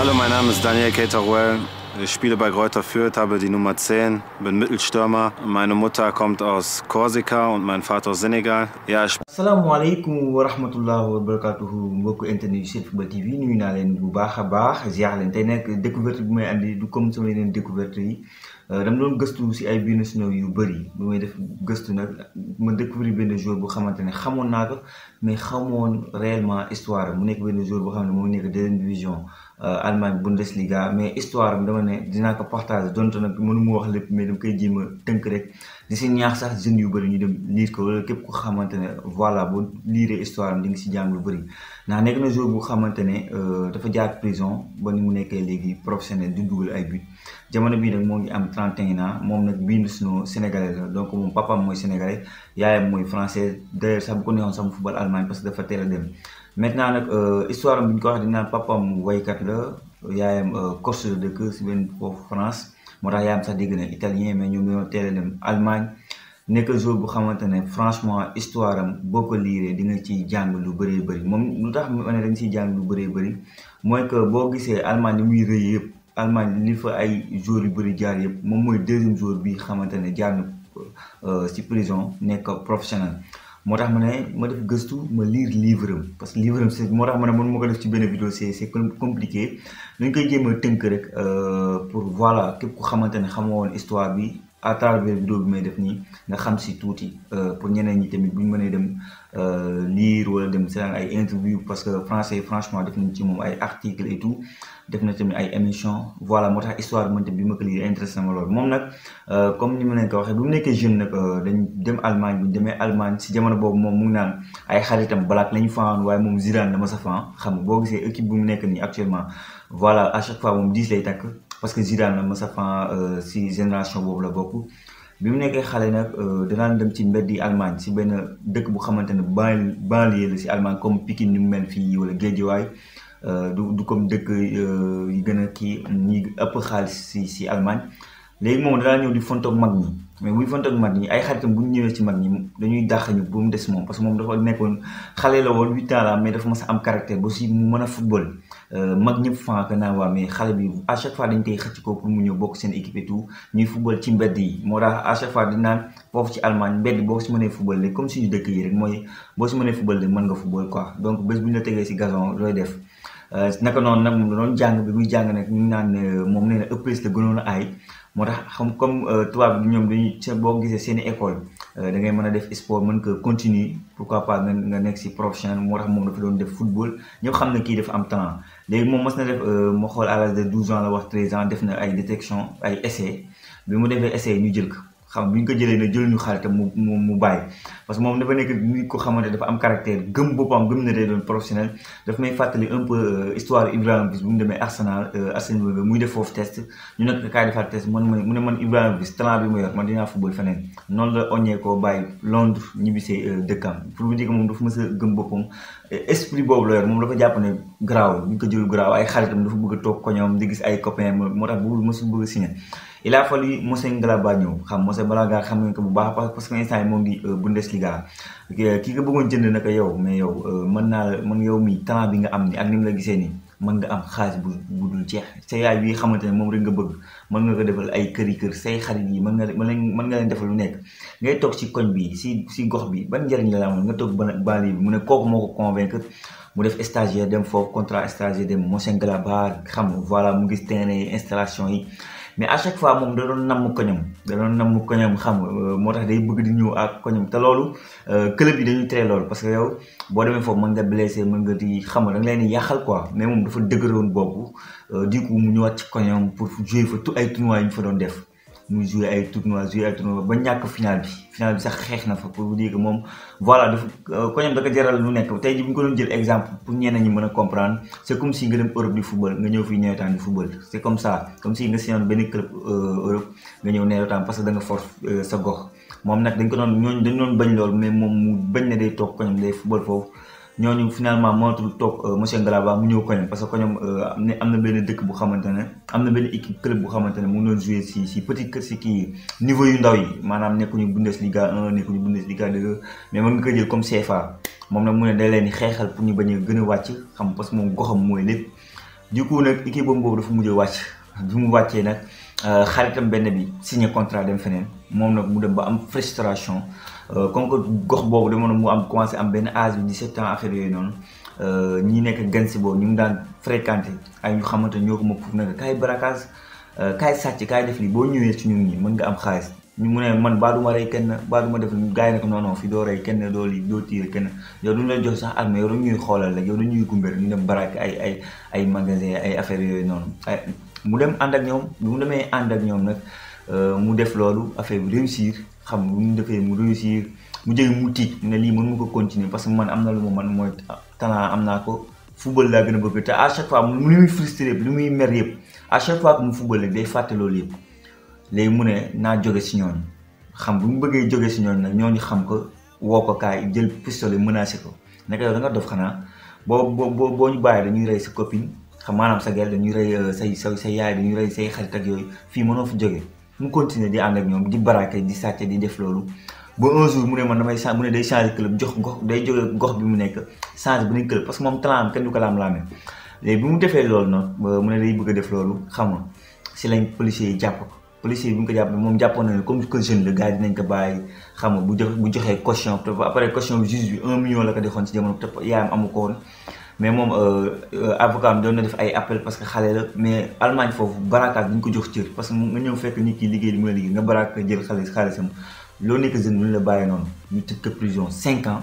Hallo, mein Name ist Daniel Caterwell. Ich spiele bei Greuther Fürth, habe die Nummer 10, bin Mittelstürmer. Meine Mutter kommt aus Korsika und mein Vater aus Senegal. Ja, ich Assalamu alaikum wa rahmatullahi wa barakatuh. Mbokk internet yu Senfootball TV nuyu naa leen bu baax a baax ziar leen tey nag découverte bi may andi du comme sama yeneen découverte yi euh, dama doon gëstu si ay business naw yu bëri bu may def gëstu nag ma découvrir benn joueur bu xamante ne xamoon naa ko mais xamoon réellement histoire mu nekk benn joueur boo xam ne moo nekk deuxième division. Euh, Allemagne Bundesliga mais histoire dama ne dinaa ko partager donte nag mënu mu wax lépp mais dama koy jéem a tënk rek di si ñaax sax jeunes yu bëri ñu dem lire ko wala képp ko xamante ne voilà boo liiree histoire am di si jàng lu bëri ndax nekk na joueur bu xamante ne euh, dafa jaar prison ba ni mu nekkee léegi professionnel di dugal ay but jamono bii nag moo ngi am 31 ans moom nag bindu sunu sénégalais la donc moom papaam mooy sénégalais yaayam mooy français d'ailleurs sax bu ko neexoon sax dafa teel dem maintenant nag euh, histoire am bu ñu ko wax dañu naan papam waykat la yaayam euh, Corse la dëkk si benn France moo tax yaayam sax dégg na italien mais ñoom ñoo teel a dem Allemagne nekk jour bu xamante ne franchement histoire am boo ko liiree di ci jàng lu bëree bëri moom mu tax ma ne dañ ciy jàng lu bëree bëri mooy que boo gisee Allemagne li muy rëy yëpp Allemagne li fa ay jour yu bëri jaar yëpp moom mooy deuxième joueur bi xamante ne jaar na si euh, prison nekk professionnel. moo tax ma ne ma def gëstu ma lire livre am parce que livre am c'est moo tax ma ne man ma ko def ci benn vidéo c'est c'est compliqué dañ koy jéem tënk rek euh, pour voilà képp ku xamante ne xamoo woon histoire bi à travers vidéo bi may def nii nga xam si tuuti euh, pour ñeneen ñi tamit buñ ñu mënee dem euh, lire wala dem seetaan ay interview parce que français franchement def nañ ci moom ay article et tout def na tamit ay émission voilà moo tax histoire bi man bi ma ko lire intéressé ma loolu moom nag euh, comme ni ma leen ko waxee bi mu nekkee jeune nag dañ dem Allemagne bi demee Allemagne si jamono boobu moom mu ngi naan ay xaritam balaak lañu ñu faan waaye moom Zidane dama sa faan xam nga boo gisee équipe bu mu nekk nii actuellement voilà à chaque fois moom 10 lay takk parce que Zidane Moussa Fan euh, si génération boobu la bokk bi mu nekkee xale nag euh, danaa dem ci mbeddi Allemagne si benn dëkk bu xamante ne ban banlieue la si Allemagne comme Pikine ni mu mel fii wala Guédiawaye euh, du du comme dëkk yi gën a kii ñi ëpp xaalis si si Allemagne léegi moom danaa ñëw di fontoog mag ñi mais buy fontoog mag ñi ay xaritam bu ñëwee ci mag ñi dañuy dàq ñu ba mu des moom parce que moom dafa nekkoon xale la woon huit ans la mais dafa mas a am caractère si mën a football Euh, mag ñëpp fan que naa waa mais xale bi à chaque fois dañ koy xëcc ko pour mu ñëw bokk seen équipe et tout ñuy football ci mbedd yi moo tax à chaque fois di naan foofu ci Allemagne mbedd boo si mënee football léegi comme suñu dëkk yi rek mooy boo si mënee football léegi mën nga football quoi donc bés bu ñu la tegee si gason looy def euh, naka noon nag moom doon jàng bi muy jàng nag ñu ngi naan euh, moom nee na ëppris la gënoon a aay moo tax xam comme tubaab bi ñoom dañuy boo gisee seen i Euh, da ngay mën a def sport man ko continuer pourquoi pas nga nga nekk si professionnel moo tax moom dafa doon def football ñëpp xam na kii dafa am talent léegi moom mos na def euh, moo xool à l'âge de 12 ans la wax 13 ans def na ay détection ay essais bi mu defee essais ñu jël ko. xam bu ñu ko jëlee ne jël ñu xaalis te mu mu mu bàyyi parce que moom dafa nekk nit ko xamante dafa am caractère gëm boppam gëm na day doon professionnel daf may fàttali un peu euh, histoire Ibrahima mu euh, def foofu test ñu nekk kaay defaat test man man mu dinaa football feneen noonu la oññee koo bàyyi Londres ñibbisee euh, dëkkam pour mu dire que moom dafa mës gëm boppam esprit boobu la yor moom dafa jàpp ne garaaw bu ñu ko jëlul garaaw ay xaritam dafa bëgg a toog koñoom di gis ay copain moo tax bëggul mësul bëgg a il a fallu Mönchengladbach ñëw xam Mönchengladbach xam nga ko bu baax parce que instant yi moo ngi euh, Bundesliga kii nga bëggoon jënd naka yow mais yow euh, mën naa la mën yow mi talent bi nga am ni ak ni mu la gisee nii mën nga am xaalis bu bu jeex sa yaay bi xamante ne moom rek nga bëgg mën nga ko defal ay kër yi kër say xarit yi mën nga mën nga leen defal lu nekk ngay toog ci koñ bi si si gox bi ban njëriñ la amoon nga toog banlieue bi mu ne kooku moo ko convaincre mu def stagiaire dem foofu contrat stagiaire dem Mönchengladbach xam voilà mu gis terrain installation yi mais à chaque fois moom da doon namm koñam da doon namm koñam xam moo tax day bëgg di ñëw ak koñam te loolu club yi dañuy tere loolu parce que yow boo demee foofu mën nga blessé mën di xam da nga leen di yàqal quoi mais moom dafa dëgëroon boobu du coup mu ñëwaat ci koñam pour jouer fa tu ay tournois yi fa doon def. muy joué ay tournois joué ay tournoi ba ñàkk final bi final bi sax xeex na fa pour vous dire que moom voilà dafa euh, ko ñoom da ko jaral lu nekk tey ji bu ñu ko doon jël exemple pour ñeneen ñi mën a comprendre c' est comme si nga dem Europe di football nga ñëw fii nawetaan di football c' est comme ça comme si nga signoon benn club euh, Europe nga ñëw nawetaan parce que da nga for euh, sa gox moom nag dañ ko doon ñooñu dañ doon bañ lool mais moom mu bañ na day toog ko ñoom day football foofu ñooñu finalement mënatul toog euh, monsieur Ngalaba mu ñëw koñam parce que koñam euh, am na am na benn dëkk bu xamante am na benn équipe club bu xamante ne mu ngi doon si si petit kër si kii niveau yu ndaw yi maanaam nekkuñu Bundesliga 1 nekkuñu Bundesliga 2 mais mën nga koy jël comme CFA moom nag mu ne day leen di xeexal pour ñu bañ a gën a wàcc xam parce que moom goxam mooy lépp du coup nag équipe boobu dafa mujj a wàcc bi wàccee nag. xaritam euh, benn bi signé contrat dem feneen moom nag mu dem ba am frustration euh, comme que gox boobu dama mu am commencé am benn âge bi 17 ans affaire yooyu noonu euh, ñi nekk gan si boobu ñu mu daan fréquenté ay ñu xamante ñoo ko ma pour naka kaay braquage kaay sàcc kaay def lii boo ñëwee ci ñun ñi mën nga am xaalis ñu mu ne man baa duma rey kenn baa duma def gars yi ne ko non non fi doo rey kenn doo lii doo tiire kenn yow duñu la jox sax armée yow ñuy xoolal la yow dañuy gumbe rek ñu dem baraak ay ay ay magasin ay affaire yooyu noonu mu dem ànd ak ñoom bu mu demee ànd ak ñoom nag euh, mu def loolu affaire bi réussir xam lu mu defee mu réussir mu jóge mu tiit ne lii mën mu ko continuer parce que man am na lu ma man mooy talent am naa ko football laa gën a bëgg te à chaque fois mu lu muy frustré lu muy mer yëpp à chaque fois que mu football rek day fàtte loolu yëpp léegi mu ne naa jóge si ñoon xam bu mu bëggee jóge si ñoon nag ñoo ni xam ko woo jël kaay jël pistolet menacé ko naka yow da nga dof xanaa boo boo boo ñu bàyyi dañuy rey sa copine sa maanaam sa gel dañuy rey euh, say sa say yaay dañuy rey say xarit ak yooyu fii mënoo fi jógee mu continuer di ànd ak ñoom di baraake di sàcce di def loolu ba un jour mu ne man damay mu ne day changer club jox gox day jóge gox bi mu nekk changer beneen club parce que moom talent am kenn du ko laam-laamee léegi bi mu defee loolu noonu mu ne day bëgg def loolu xam nga si lañ policiers yi jàpp ko policiers yi bu ko jàpp moom jàppoon na ne comme que jeune la gars yi dinañ ko bàyyi xam nga bu jox bu joxee caution après caution juge la ko mais moom euh, euh, avocat am doon na def ay appel parce que xale la mais Allemagne foofu barakaat duñ ko jox cër parce que nga ñëw fekk nit ki liggéey li mu la liggéey nga baraka jël xale xaalisam loo nekk jeune mu la bàyyi noonu ñu tëj prison 5 ans.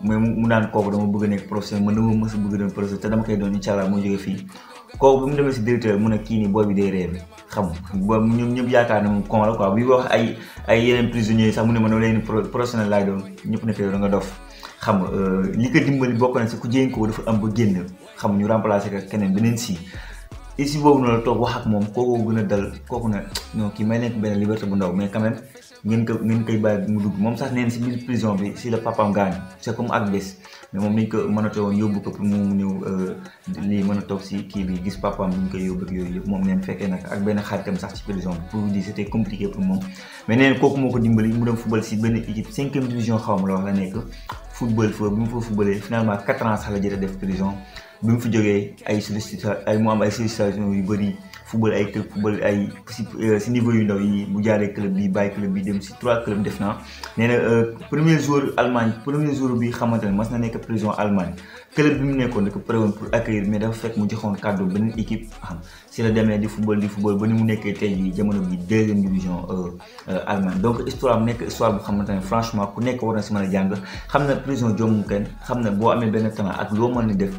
mais mu naan kooku dama bëgg nekk professeur man dama mës a doon professeur te dama koy doon incha allah moo jógee fii kooku bi mu demee si directeur dama leen professionnel laay doon ñëpp ne ko yow da nga dof xam nga euh, li ko dimbali bokk na si ba génn xam ñu remplacé ko keneen beneen si ici boobu noonu la toog wax ak moom kooku gën a dal kooku na non kii may nekk benn liberté bu ndaw mais quand ngeen ko ngeen koy bàyyi mu dugg moom sax neen si biir prison bi si la papam gaañ c'est comme ak des mais moom lañ ko mënatoo woon yóbbu ko pour mu ñëw euh, lii mën kii bi gis papam bu ñu koy yóbbu moom neen fekkee nag ak benn xaritam sax si prison bi pour dire c'était compliqué pour moom mais neen kooku moo ko dimbali mu dem football si benn équipe cinquième division xaw ma la wax la nekk football fa bi mu fa footballee finalement quatre ans sax a def prison bi mu fi jógee ay solicita ay mu am ay sollicitation yu bëri football ay club football ay si euh, si niveau yu ndaw yi bu jaaree club bi bàyyi club bi dem si trois club def na nee na euh, premier jour Allemagne premier jour bi xamante ne mas na nekk prison Allemagne club bi mu nekkoon da ko pré pour accueillir mais dafa fekk mu joxoon kàddu beneen équipe xam ah, si la demee di football di football ba ni mu nekkee tey jii jamono bi deuxième division euh, Allemagne donc histoire mu nekk histoire bu xamante ne franchement ku nekk war na si mën a jàng xam na prison jommu kenn xam na boo amee benn talent ak loo mën a def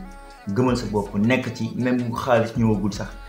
gëmal sa bopp nekk ci même xaalis ñëwagul sax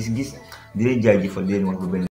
gis-gis di leen jaajëfal di leen wax ba benn